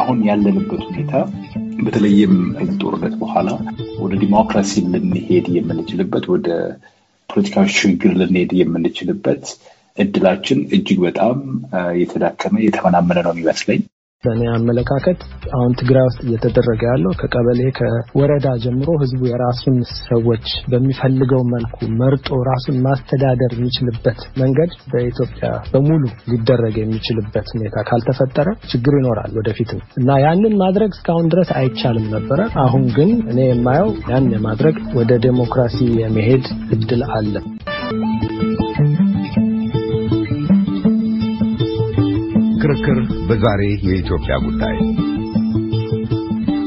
አሁን ያለንበት ሁኔታ በተለይም ከዚህ ጦርነት በኋላ ወደ ዲሞክራሲ ልንሄድ የምንችልበት ወደ ፖለቲካዊ ሽግግር ልንሄድ የምንችልበት እድላችን እጅግ በጣም የተዳከመ የተመናመነ ነው የሚመስለኝ። በእኔ አመለካከት አሁን ትግራይ ውስጥ እየተደረገ ያለው ከቀበሌ ከወረዳ ጀምሮ ህዝቡ የራሱን ሰዎች በሚፈልገው መልኩ መርጦ ራሱን ማስተዳደር የሚችልበት መንገድ በኢትዮጵያ በሙሉ ሊደረግ የሚችልበት ሁኔታ ካልተፈጠረ ችግር ይኖራል ወደፊትም እና ያንን ማድረግ እስካሁን ድረስ አይቻልም ነበረ። አሁን ግን እኔ የማየው ያን የማድረግ ወደ ዴሞክራሲ የመሄድ እድል አለ። ክርክር በዛሬ የኢትዮጵያ ጉዳይ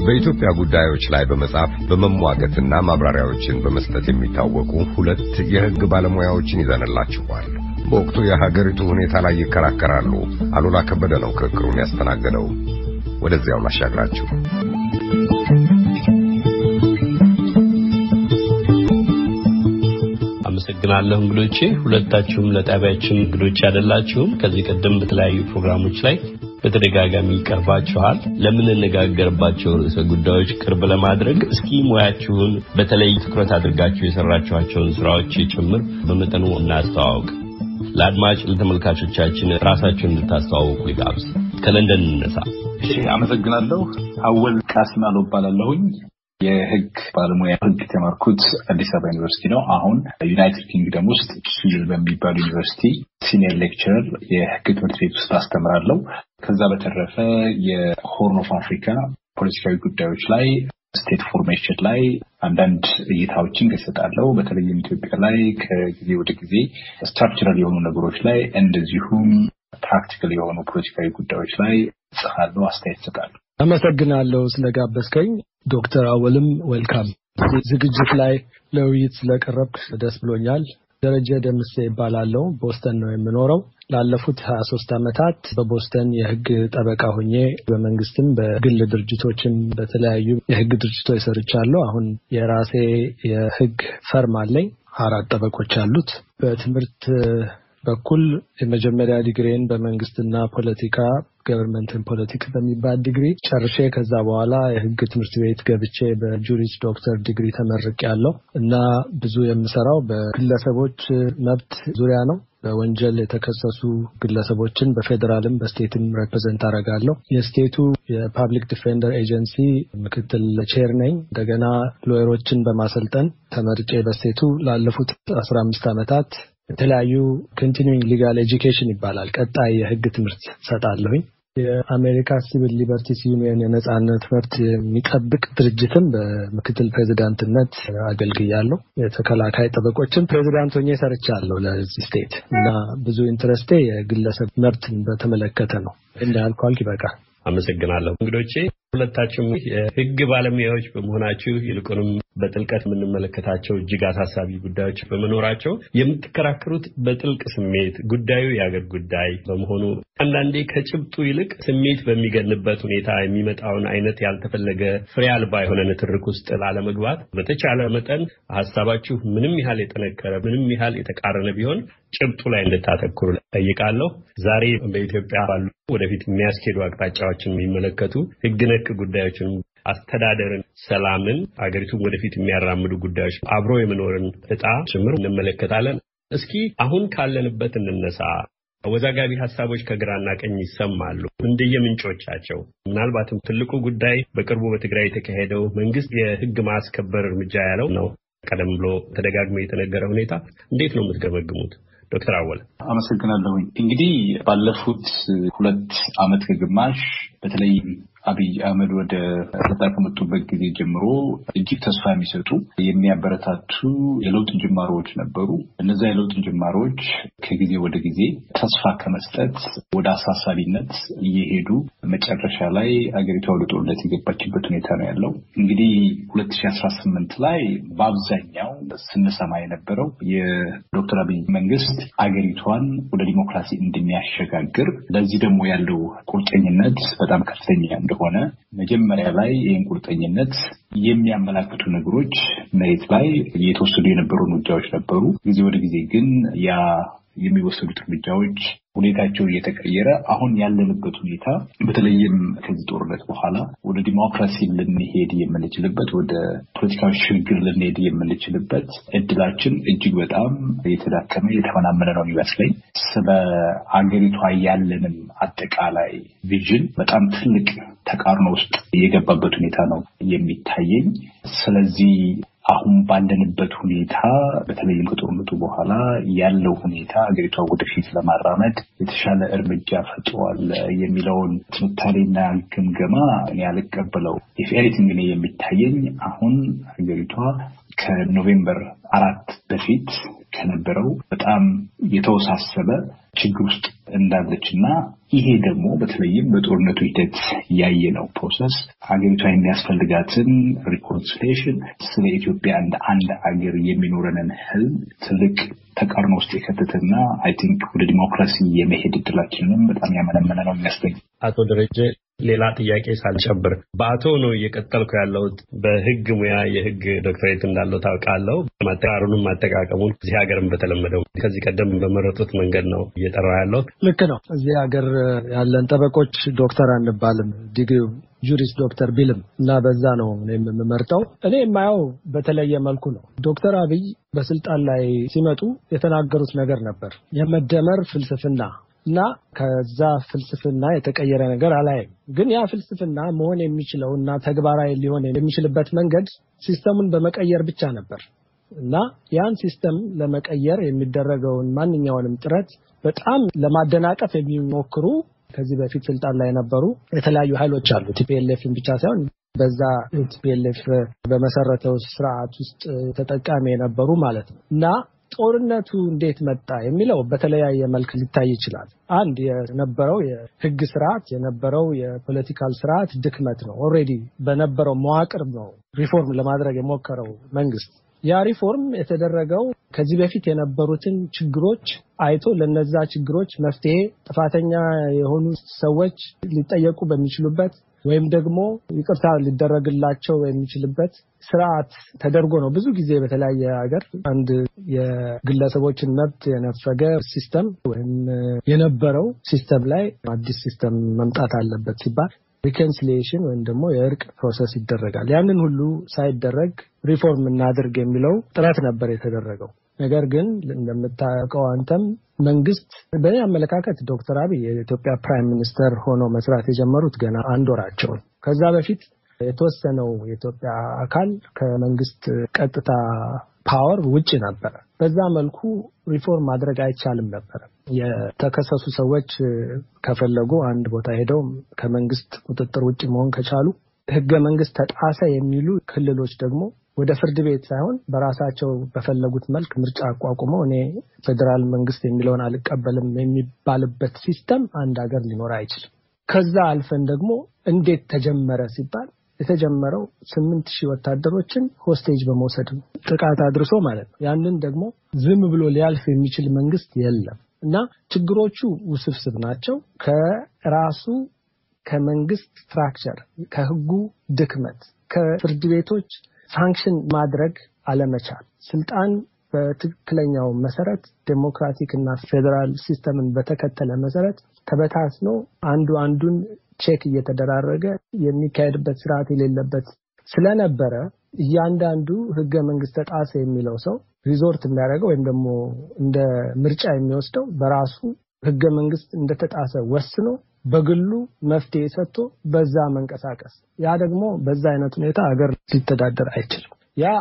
በኢትዮጵያ ጉዳዮች ላይ በመጻፍ በመሟገትና ማብራሪያዎችን በመስጠት የሚታወቁ ሁለት የሕግ ባለሙያዎችን ይዘንላችኋል። በወቅቱ የሀገሪቱ ሁኔታ ላይ ይከራከራሉ። አሉላ ከበደ ነው ክርክሩን ያስተናገደው። ወደዚያው ላሻግራችሁ። አመሰግናለሁ እንግዶቼ። ሁለታችሁም ለጣቢያችን እንግዶች አይደላችሁም። ከዚህ ቀደም በተለያዩ ፕሮግራሞች ላይ በተደጋጋሚ ይቀርባችኋል። ለምንነጋገርባቸው ርዕሰ ጉዳዮች ቅርብ ለማድረግ እስኪ ሙያችሁን በተለይ ትኩረት አድርጋችሁ የሰራችኋቸውን ስራዎች ጭምር በመጠኑ እናስተዋውቅ። ለአድማጭ ለተመልካቾቻችን ራሳችሁን እንድታስተዋውቁ ሊጋብዝ። ከለንደን እንነሳ። እሺ፣ አመሰግናለሁ። አወል ቃስማሎ እባላለሁኝ የህግ ባለሙያ ህግ የተማርኩት አዲስ አበባ ዩኒቨርሲቲ ነው። አሁን ዩናይትድ ኪንግደም ውስጥ ኪል በሚባል ዩኒቨርሲቲ ሲኒየር ሌክቸረር የህግ ትምህርት ቤት ውስጥ አስተምራለሁ። ከዛ በተረፈ የሆርን ኦፍ አፍሪካ ፖለቲካዊ ጉዳዮች ላይ ስቴት ፎርሜሽን ላይ አንዳንድ እይታዎችን እሰጣለሁ። በተለይም ኢትዮጵያ ላይ ከጊዜ ወደ ጊዜ ስትራክቸራል የሆኑ ነገሮች ላይ እንደዚሁም ፕራክቲካል የሆኑ ፖለቲካዊ ጉዳዮች ላይ ጽፋለሁ፣ አስተያየት እሰጣለሁ። አመሰግናለሁ ስለጋበዝከኝ ዶክተር አወልም ወልካም። ዝግጅት ላይ ለውይይት ስለቀረብክ ደስ ብሎኛል። ደረጀ ደምሴ ይባላለው። ቦስተን ነው የምኖረው። ላለፉት 23 ዓመታት በቦስተን የህግ ጠበቃ ሆኜ በመንግስትም በግል ድርጅቶችም በተለያዩ የህግ ድርጅቶች ሰርቻለሁ። አሁን የራሴ የህግ ፈርም አለኝ። አራት ጠበቆች አሉት። በትምህርት በኩል የመጀመሪያ ዲግሪን በመንግስትና ፖለቲካ ገቨርንመንትን ፖለቲክስ በሚባል ዲግሪ ጨርሼ ከዛ በኋላ የህግ ትምህርት ቤት ገብቼ በጁሪስ ዶክተር ዲግሪ ተመርቅ ያለው እና ብዙ የምሰራው በግለሰቦች መብት ዙሪያ ነው። በወንጀል የተከሰሱ ግለሰቦችን በፌዴራልም በስቴትም ሬፕሬዘንት አደርጋለሁ። የስቴቱ የፓብሊክ ዲፌንደር ኤጀንሲ ምክትል ቼር ነኝ። እንደገና ሎየሮችን በማሰልጠን ተመርጬ በስቴቱ ላለፉት አስራ አምስት ዓመታት የተለያዩ ኮንቲኒዊንግ ሊጋል ኤጁኬሽን ይባላል። ቀጣይ የህግ ትምህርት ሰጣለሁኝ። የአሜሪካ ሲቪል ሊበርቲስ ዩኒየን የነጻነት መብት የሚጠብቅ ድርጅትም በምክትል ፕሬዚዳንትነት አገልግያለሁ። የተከላካይ ጠበቆችን ፕሬዚዳንት ሆኜ ሰርቻለሁ ለዚህ ስቴት እና ብዙ ኢንትረስቴ የግለሰብ መብትን በተመለከተ ነው። እንዳልኳልክ ይበቃል። አመሰግናለሁ እንግዶቼ። ሁለታችሁም የህግ ባለሙያዎች በመሆናችሁ ይልቁንም በጥልቀት የምንመለከታቸው እጅግ አሳሳቢ ጉዳዮች በመኖራቸው የምትከራከሩት በጥልቅ ስሜት ጉዳዩ የአገር ጉዳይ በመሆኑ አንዳንዴ ከጭብጡ ይልቅ ስሜት በሚገንበት ሁኔታ የሚመጣውን አይነት ያልተፈለገ ፍሬ አልባ የሆነ ንትርክ ውስጥ ላለመግባት በተቻለ መጠን ሀሳባችሁ ምንም ያህል የጠነከረ ምንም ያህል የተቃረነ ቢሆን ጭብጡ ላይ እንድታተኩሩ ጠይቃለሁ። ዛሬ በኢትዮጵያ ባሉ ወደፊት የሚያስኬዱ አቅጣጫዎችን የሚመለከቱ ህግ ነክ ጉዳዮችን አስተዳደርን፣ ሰላምን፣ አገሪቱን ወደፊት የሚያራምዱ ጉዳዮች አብሮ የመኖርን እጣ ጭምር እንመለከታለን። እስኪ አሁን ካለንበት እንነሳ። አወዛጋቢ ሀሳቦች ከግራና ቀኝ ይሰማሉ እንደየምንጮቻቸው። ምናልባትም ትልቁ ጉዳይ በቅርቡ በትግራይ የተካሄደው መንግስት የህግ ማስከበር እርምጃ ያለው ነው። ቀደም ብሎ ተደጋግሞ የተነገረ ሁኔታ እንዴት ነው የምትገመግሙት? ዶክተር አወለ አመሰግናለሁኝ። እንግዲህ ባለፉት ሁለት ዓመት ከግማሽ በተለይም አብይ አህመድ ወደ ስልጣን ከመጡበት ጊዜ ጀምሮ እጅግ ተስፋ የሚሰጡ የሚያበረታቱ የለውጥ ጅማሮዎች ነበሩ። እነዚያ የለውጥ ጅማሮዎች ከጊዜ ወደ ጊዜ ተስፋ ከመስጠት ወደ አሳሳቢነት እየሄዱ መጨረሻ ላይ አገሪቷ ወደ ጦርነት የገባችበት ሁኔታ ነው ያለው። እንግዲህ ሁለት ሺህ አስራ ስምንት ላይ በአብዛኛው ስንሰማ የነበረው የዶክተር አብይ መንግስት አገሪቷን ወደ ዲሞክራሲ እንደሚያሸጋግር ለዚህ ደግሞ ያለው ቁርጠኝነት በጣም ከፍተኛ እንደሆነ መጀመሪያ ላይ ይህን ቁርጠኝነት የሚያመላክቱ ነገሮች መሬት ላይ የተወሰዱ የነበሩ እርምጃዎች ነበሩ። ጊዜ ወደ ጊዜ ግን ያ የሚወሰዱት እርምጃዎች ሁኔታቸው እየተቀየረ አሁን ያለንበት ሁኔታ በተለይም ከዚህ ጦርነት በኋላ ወደ ዲሞክራሲ ልንሄድ የምንችልበት ወደ ፖለቲካዊ ሽግግር ልንሄድ የምንችልበት እድላችን እጅግ በጣም የተዳከመ የተመናመነ ነው የሚመስለኝ። ስለ አገሪቷ ያለንም አጠቃላይ ቪዥን በጣም ትልቅ ተቃርኖ ውስጥ የገባበት ሁኔታ ነው የሚታየኝ። ስለዚህ አሁን ባለንበት ሁኔታ በተለይም ከጦርነቱ በኋላ ያለው ሁኔታ ሀገሪቷ ወደፊት ለማራመድ የተሻለ እርምጃ ፈጥሯል የሚለውን ትንታኔና ግምገማ እኔ አልቀበለው። ኢፍ ኤኒቲንግ እኔ የሚታየኝ አሁን ሀገሪቷ ከኖቬምበር አራት በፊት ከነበረው በጣም የተወሳሰበ ችግር ውስጥ እንዳለች እና ይሄ ደግሞ በተለይም በጦርነቱ ሂደት ያየነው ፕሮሰስ ሀገሪቷ የሚያስፈልጋትን ሪኮንስሌሽን ስለ ኢትዮጵያ እንደ አንድ ሀገር የሚኖረንን ህልም ትልቅ ተቃርኖ ውስጥ የከተተና አይ ቲንክ ወደ ዲሞክራሲ የመሄድ እድላችንንም በጣም ያመነመነ ነው የሚያስገኝ አቶ ደረጀ ሌላ ጥያቄ ሳልጨብር በአቶ ነው እየቀጠልኩ ያለሁት። በህግ ሙያ የህግ ዶክትሬት እንዳለው ታውቃለሁ። ማጠራሩንም ማጠቃቀሙን እዚህ ሀገርም በተለመደው ከዚህ ቀደም በመረጡት መንገድ ነው እየጠራ ያለሁት። ልክ ነው። እዚህ ሀገር ያለን ጠበቆች ዶክተር አንባልም። ዲግሪው ጁሪስ ዶክተር ቢልም እና በዛ ነው እኔም የምመርጠው። እኔ የማየው በተለየ መልኩ ነው። ዶክተር አብይ በስልጣን ላይ ሲመጡ የተናገሩት ነገር ነበር የመደመር ፍልስፍና እና ከዛ ፍልስፍና የተቀየረ ነገር አላይም። ግን ያ ፍልስፍና መሆን የሚችለው እና ተግባራዊ ሊሆን የሚችልበት መንገድ ሲስተሙን በመቀየር ብቻ ነበር እና ያን ሲስተም ለመቀየር የሚደረገውን ማንኛውንም ጥረት በጣም ለማደናቀፍ የሚሞክሩ ከዚህ በፊት ስልጣን ላይ የነበሩ የተለያዩ ኃይሎች አሉ። ቲፒኤልኤፍን ብቻ ሳይሆን በዛ ቲፒኤልኤፍ በመሰረተው ስርዓት ውስጥ ተጠቃሚ የነበሩ ማለት ነው እና ጦርነቱ እንዴት መጣ የሚለው በተለያየ መልክ ሊታይ ይችላል። አንድ የነበረው የህግ ስርዓት የነበረው የፖለቲካል ስርዓት ድክመት ነው። ኦልሬዲ በነበረው መዋቅር ነው ሪፎርም ለማድረግ የሞከረው መንግስት። ያ ሪፎርም የተደረገው ከዚህ በፊት የነበሩትን ችግሮች አይቶ ለነዛ ችግሮች መፍትሄ ጥፋተኛ የሆኑ ሰዎች ሊጠየቁ በሚችሉበት ወይም ደግሞ ይቅርታ ሊደረግላቸው የሚችልበት ስርዓት ተደርጎ ነው። ብዙ ጊዜ በተለያየ ሀገር አንድ የግለሰቦችን መብት የነፈገ ሲስተም ወይም የነበረው ሲስተም ላይ አዲስ ሲስተም መምጣት አለበት ሲባል ሪኮንሲሊየሽን ወይም ደግሞ የእርቅ ፕሮሰስ ይደረጋል። ያንን ሁሉ ሳይደረግ ሪፎርም እናድርግ የሚለው ጥረት ነበር የተደረገው። ነገር ግን እንደምታውቀው አንተም መንግስት በእኔ አመለካከት ዶክተር አብይ የኢትዮጵያ ፕራይም ሚኒስተር ሆነው መስራት የጀመሩት ገና አንድ ወራቸውን ከዛ በፊት የተወሰነው የኢትዮጵያ አካል ከመንግስት ቀጥታ ፓወር ውጭ ነበረ። በዛ መልኩ ሪፎርም ማድረግ አይቻልም ነበር። የተከሰሱ ሰዎች ከፈለጉ አንድ ቦታ ሄደው ከመንግስት ቁጥጥር ውጭ መሆን ከቻሉ ህገ መንግስት ተጣሰ የሚሉ ክልሎች ደግሞ ወደ ፍርድ ቤት ሳይሆን በራሳቸው በፈለጉት መልክ ምርጫ አቋቁመው እኔ ፌዴራል መንግስት የሚለውን አልቀበልም የሚባልበት ሲስተም አንድ ሀገር ሊኖር አይችልም። ከዛ አልፈን ደግሞ እንዴት ተጀመረ ሲባል የተጀመረው ስምንት ሺህ ወታደሮችን ሆስቴጅ በመውሰድ ጥቃት አድርሶ ማለት ነው። ያንን ደግሞ ዝም ብሎ ሊያልፍ የሚችል መንግስት የለም። እና ችግሮቹ ውስብስብ ናቸው። ከራሱ ከመንግስት ስትራክቸር፣ ከህጉ ድክመት፣ ከፍርድ ቤቶች ሳንክሽን ማድረግ አለመቻል፣ ስልጣን በትክክለኛው መሰረት ዴሞክራቲክ እና ፌዴራል ሲስተምን በተከተለ መሰረት ተበታትኖ አንዱ አንዱን ቼክ እየተደራረገ የሚካሄድበት ስርዓት የሌለበት ስለነበረ እያንዳንዱ ህገ መንግስት ተጣሰ የሚለው ሰው ሪዞርት የሚያደርገው ወይም ደግሞ እንደ ምርጫ የሚወስደው በራሱ ህገ መንግስት እንደተጣሰ ወስኖ በግሉ መፍትሄ ሰጥቶ በዛ መንቀሳቀስ፣ ያ ደግሞ በዛ አይነት ሁኔታ ሀገር ሊተዳደር አይችልም። ያ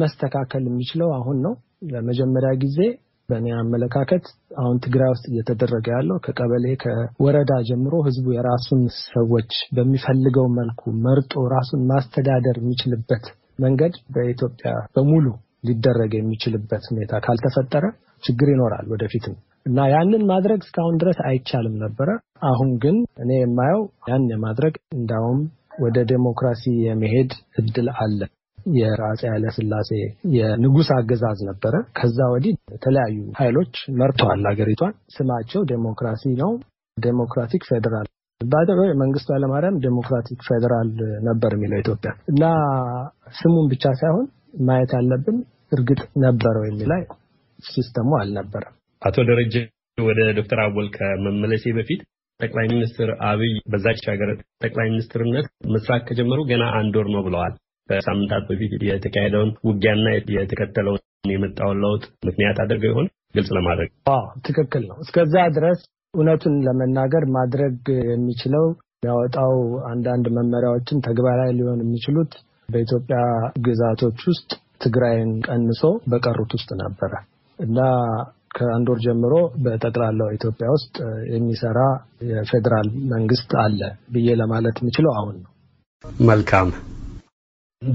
መስተካከል የሚችለው አሁን ነው። ለመጀመሪያ ጊዜ በእኔ አመለካከት አሁን ትግራይ ውስጥ እየተደረገ ያለው ከቀበሌ ከወረዳ ጀምሮ ህዝቡ የራሱን ሰዎች በሚፈልገው መልኩ መርጦ ራሱን ማስተዳደር የሚችልበት መንገድ በኢትዮጵያ በሙሉ ሊደረግ የሚችልበት ሁኔታ ካልተፈጠረ ችግር ይኖራል ወደፊትም እና ያንን ማድረግ እስካሁን ድረስ አይቻልም ነበረ። አሁን ግን እኔ የማየው ያን የማድረግ እንዳውም ወደ ዴሞክራሲ የመሄድ እድል አለ። የአፄ ኃይለ ስላሴ የንጉሥ አገዛዝ ነበረ። ከዛ ወዲህ የተለያዩ ኃይሎች መርተዋል ሀገሪቷን። ስማቸው ዴሞክራሲ ነው። ዴሞክራቲክ ፌዴራል መንግስቱ ኃይለማርያም ዴሞክራቲክ ፌዴራል ነበር የሚለው ኢትዮጵያ እና ስሙን ብቻ ሳይሆን ማየት ያለብን እርግጥ ነበረው የሚል ላይ ሲስተሙ አልነበረም። አቶ ደረጀ ወደ ዶክተር አወል ከመመለሴ በፊት ጠቅላይ ሚኒስትር አብይ በዛች ሀገር ጠቅላይ ሚኒስትርነት መስራት ከጀመሩ ገና አንድ ወር ነው ብለዋል። ከሳምንታት በፊት የተካሄደውን ውጊያና የተከተለውን የመጣውን ለውጥ ምክንያት አድርገው ይሆን ግልጽ ለማድረግ? ትክክል ነው። እስከዛ ድረስ እውነቱን ለመናገር ማድረግ የሚችለው የሚያወጣው አንዳንድ መመሪያዎችን ተግባራዊ ሊሆን የሚችሉት በኢትዮጵያ ግዛቶች ውስጥ ትግራይን ቀንሶ በቀሩት ውስጥ ነበረ እና ከአንድ ወር ጀምሮ በጠቅላላው ኢትዮጵያ ውስጥ የሚሰራ የፌዴራል መንግስት አለ ብዬ ለማለት የምችለው አሁን ነው። መልካም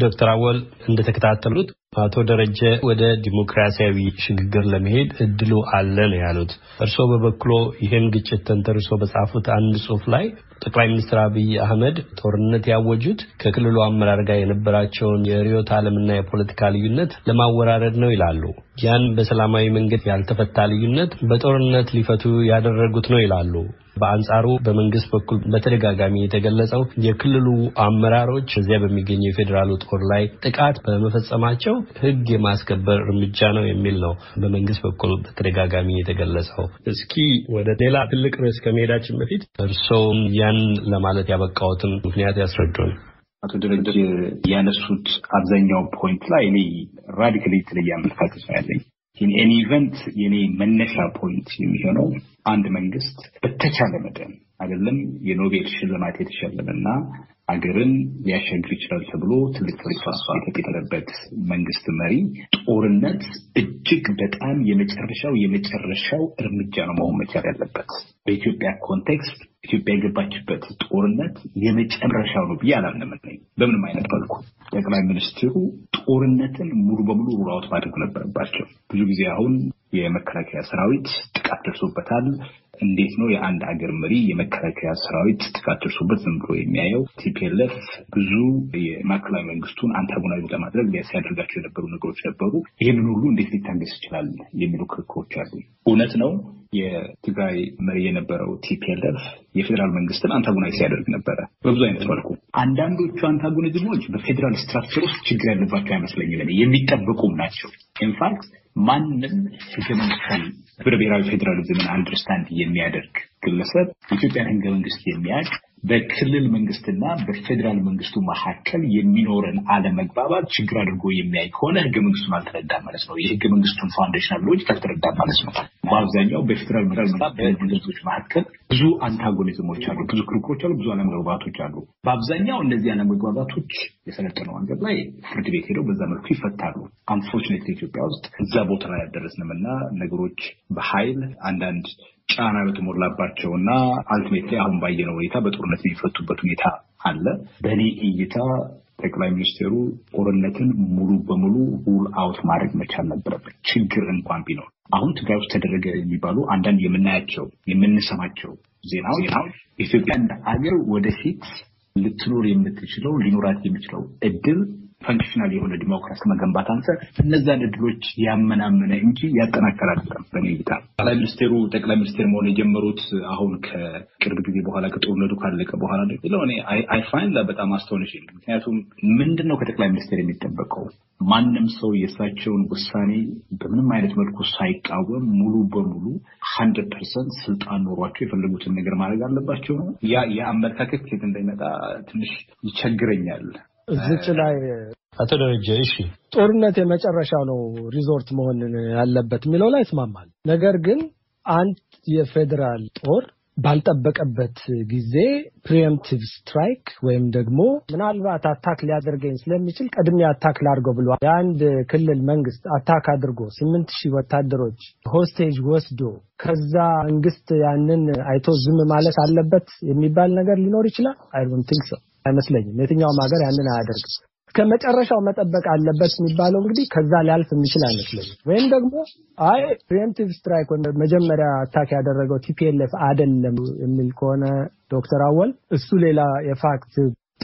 ዶክተር አወል እንደተከታተሉት አቶ ደረጀ ወደ ዲሞክራሲያዊ ሽግግር ለመሄድ እድሉ አለ ነው ያሉት። እርስዎ በበኩሎ ይህን ግጭት ተንተርሶ በጻፉት አንድ ጽሁፍ ላይ ጠቅላይ ሚኒስትር አብይ አህመድ ጦርነት ያወጁት ከክልሉ አመራር ጋር የነበራቸውን የርዕዮተ ዓለምና የፖለቲካ ልዩነት ለማወራረድ ነው ይላሉ። ያን በሰላማዊ መንገድ ያልተፈታ ልዩነት በጦርነት ሊፈቱ ያደረጉት ነው ይላሉ። በአንጻሩ በመንግስት በኩል በተደጋጋሚ የተገለጸው የክልሉ አመራሮች እዚያ በሚገኘው የፌዴራሉ ጦር ላይ ጥቃት በመፈጸማቸው ህግ የማስከበር እርምጃ ነው የሚል ነው በመንግስት በኩል በተደጋጋሚ የተገለጸው። እስኪ ወደ ሌላ ትልቅ ርዕስ ከመሄዳችን በፊት እርስዎም ያን ለማለት ያበቃዎትን ምክንያት ያስረዱን። አቶ ደረጀ ያነሱት አብዛኛው ፖይንት ላይ እኔ ራዲካሊ የተለየ አመለካከት ነው ያለኝ። ኢን ኤኒ ኢቨንት የኔ መነሻ ፖይንት የሚሆነው አንድ መንግስት በተቻለ መጠን አይደለም የኖቤል ሽልማት የተሸለመና አገርን ሊያሸግር ይችላል ተብሎ ትልቅ ተስፋ የተጣለበት መንግስት መሪ ጦርነት እጅግ በጣም የመጨረሻው የመጨረሻው እርምጃ ነው መሆን መቻል ያለበት። በኢትዮጵያ ኮንቴክስት ኢትዮጵያ የገባችበት ጦርነት የመጨረሻው ነው ብዬ አላምንም። በምንም አይነት መልኩ ጠቅላይ ሚኒስትሩ ጦርነትን ሙሉ በሙሉ ሩል ማድረግ ነበረባቸው። ብዙ ጊዜ አሁን የመከላከያ ሰራዊት ጥቃት ደርሶበታል እንዴት ነው የአንድ ሀገር መሪ የመከላከያ ሰራዊት ጥቃት ደርሶበት ዝም ብሎ የሚያየው? ቲፒኤልኤፍ ብዙ የማዕከላዊ መንግስቱን አንታጎናዊ ለማድረግ ሲያደርጋቸው የነበሩ ነገሮች ነበሩ። ይህንን ሁሉ እንዴት ሊታገስ ይችላል የሚሉ ክርክሮች አሉ። እውነት ነው የትግራይ መሪ የነበረው ቲፒኤልኤፍ የፌዴራል መንግስትን አንታጎናይዝ ሲያደርግ ነበረ በብዙ አይነት መልኩ። አንዳንዶቹ አንታጎኒዝሞች በፌዴራል ስትራክቸር ውስጥ ችግር ያለባቸው አይመስለኝም፣ የሚጠበቁም ናቸው ኢንፋክት ማንም ህገ መንግስታዊ ብሔራዊ ፌዴራሊዝምን አንደርስታንድ የሚያደርግ ግለሰብ ኢትዮጵያን ህገ መንግስት የሚያውቅ በክልል መንግስትና በፌዴራል መንግስቱ መካከል የሚኖረን አለመግባባት ችግር አድርጎ የሚያይ ከሆነ ህገ መንግስቱን አልተረዳ ማለት ነው። የህገ መንግስቱን ፋውንዴሽናል ሎጂክ አልተረዳም ማለት ነው። በአብዛኛው በፌዴራል መንግስትና በድርጅቶች መካከል ብዙ አንታጎኒዝሞች አሉ፣ ብዙ ክርክሮች አሉ፣ ብዙ አለመግባባቶች አሉ። በአብዛኛው እነዚህ አለመግባባቶች የሰለጠነው አንገድ ላይ ፍርድ ቤት ሄደው በዛ መልኩ ይፈታሉ። አንፎርቹኔት ኢትዮጵያ ውስጥ እዛ ቦታ ላይ አልደረስንም እና ነገሮች በኃይል አንዳንድ ጫና በተሞላባቸው እና ላይ አሁን ባየነው ሁኔታ በጦርነት የሚፈቱበት ሁኔታ አለ። በእኔ እይታ ጠቅላይ ሚኒስትሩ ጦርነትን ሙሉ በሙሉ ሩል አውት ማድረግ መቻል ነበረበት፣ ችግር እንኳን ቢኖር። አሁን ትግራይ ውስጥ ተደረገ የሚባሉ አንዳንድ የምናያቸው የምንሰማቸው ዜናዎች ኢትዮጵያ እንደ አገር ወደፊት ልትኖር የምትችለው ሊኖራት የሚችለው እድል ፈንክሽናል የሆነ ዲሞክራሲ መገንባት አንጻር እነዛን እድሎች ያመናመነ እንጂ ያጠናከር አይደለም። በእኔ እይታ ጠቅላይ ሚኒስቴሩ ጠቅላይ ሚኒስቴር መሆን የጀመሩት አሁን ከቅርብ ጊዜ በኋላ ከጦርነቱ ካለቀ በኋላ ነው። አይ ፋይንድ በጣም አስተውነሽኝ። ምክንያቱም ምንድን ነው ከጠቅላይ ሚኒስቴር የሚጠበቀው? ማንም ሰው የእሳቸውን ውሳኔ በምንም አይነት መልኩ ሳይቃወም ሙሉ በሙሉ ሀንድረድ ፐርሰንት ስልጣን ኖሯቸው የፈለጉትን ነገር ማድረግ አለባቸው ነው። ያ የአመለካከት ኬት እንደሚመጣ ትንሽ ይቸግረኛል። እዚች ላይ አቶ ደረጀ እሺ፣ ጦርነት የመጨረሻው ነው ሪዞርት መሆን ያለበት የሚለው ላይ ይስማማል። ነገር ግን አንድ የፌዴራል ጦር ባልጠበቀበት ጊዜ ፕሪኤምፕቲቭ ስትራይክ ወይም ደግሞ ምናልባት አታክ ሊያደርገኝ ስለሚችል ቀድሜ አታክ ላድርገው ብሎ የአንድ ክልል መንግስት አታክ አድርጎ ስምንት ሺህ ወታደሮች ሆስቴጅ ወስዶ ከዛ መንግስት ያንን አይቶ ዝም ማለት አለበት የሚባል ነገር ሊኖር ይችላል። አይ ዶንት ቲንክ ሶ። አይመስለኝም። የትኛውም ሀገር ያንን አያደርግም። እስከ መጨረሻው መጠበቅ አለበት የሚባለው እንግዲህ ከዛ ሊያልፍ የሚችል አይመስለኝም። ወይም ደግሞ አይ ፕሪኤምፕቲቭ ስትራይክ መጀመሪያ አታክ ያደረገው ቲፒኤልኤፍ አይደለም የሚል ከሆነ ዶክተር አወል እሱ ሌላ የፋክት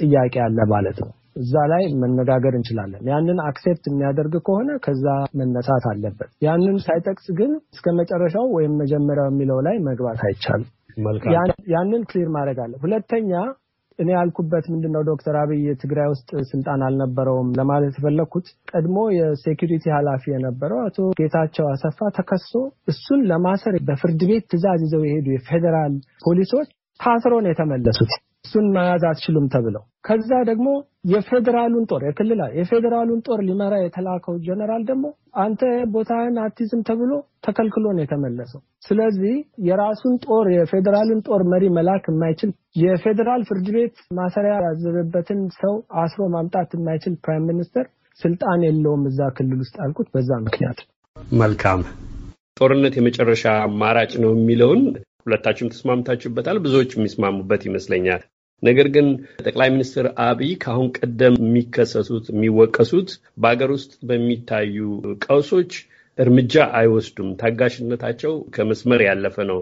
ጥያቄ አለ ማለት ነው። እዛ ላይ መነጋገር እንችላለን። ያንን አክሴፕት የሚያደርግ ከሆነ ከዛ መነሳት አለበት። ያንን ሳይጠቅስ ግን እስከ መጨረሻው ወይም መጀመሪያው የሚለው ላይ መግባት አይቻልም። ያንን ክሊር ማድረግ አለ። ሁለተኛ እኔ ያልኩበት ምንድን ነው ዶክተር አብይ ትግራይ ውስጥ ስልጣን አልነበረውም ለማለት የፈለግኩት ቀድሞ የሴኪሪቲ ኃላፊ የነበረው አቶ ጌታቸው አሰፋ ተከሶ እሱን ለማሰር በፍርድ ቤት ትእዛዝ ይዘው የሄዱ የፌዴራል ፖሊሶች ታስሮ ነው የተመለሱት። እሱን መያዝ አትችሉም ተብለው ከዛ ደግሞ የፌዴራሉን ጦር የክልል የፌዴራሉን ጦር ሊመራ የተላከው ጀነራል ደግሞ አንተ ቦታህን አትይዝም ተብሎ ተከልክሎ ነው የተመለሰው። ስለዚህ የራሱን ጦር የፌዴራሉን ጦር መሪ መላክ የማይችል የፌዴራል ፍርድ ቤት ማሰሪያ ያዘበበትን ሰው አስሮ ማምጣት የማይችል ፕራይም ሚኒስተር ስልጣን የለውም እዛ ክልል ውስጥ አልኩት። በዛ ምክንያት መልካም ጦርነት የመጨረሻ አማራጭ ነው የሚለውን ሁለታችሁም ተስማምታችሁበታል። ብዙዎች የሚስማሙበት ይመስለኛል። ነገር ግን ጠቅላይ ሚኒስትር አብይ ከአሁን ቀደም የሚከሰሱት የሚወቀሱት በሀገር ውስጥ በሚታዩ ቀውሶች እርምጃ አይወስዱም። ታጋሽነታቸው ከመስመር ያለፈ ነው።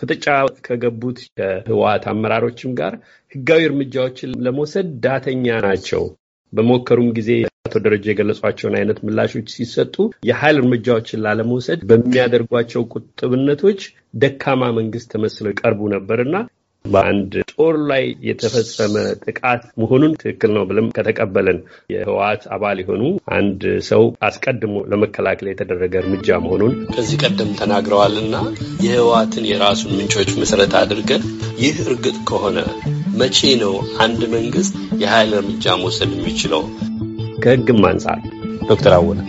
ፍጥጫ ከገቡት ከህወሓት አመራሮችም ጋር ህጋዊ እርምጃዎችን ለመውሰድ ዳተኛ ናቸው። በሞከሩም ጊዜ አቶ ደረጃ የገለጿቸውን አይነት ምላሾች ሲሰጡ የኃይል እርምጃዎችን ላለመውሰድ በሚያደርጓቸው ቁጥብነቶች ደካማ መንግስት ተመስለው ቀርቡ ነበር እና በአንድ ጦር ላይ የተፈጸመ ጥቃት መሆኑን ትክክል ነው ብለን ከተቀበለን የህወሓት አባል የሆኑ አንድ ሰው አስቀድሞ ለመከላከል የተደረገ እርምጃ መሆኑን ከዚህ ቀደም ተናግረዋል እና የህወሓትን የራሱን ምንጮች መሰረት አድርገን ይህ እርግጥ ከሆነ መቼ ነው አንድ መንግስት የኃይል እርምጃ መውሰድ የሚችለው? ከህግም አንጻር ዶክተር አወነ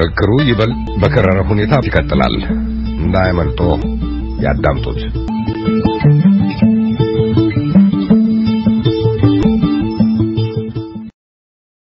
ክርክሩ ይበልጥ በከረረ ሁኔታ ይቀጥላል። እንዳያመልጦ ያዳምጡት።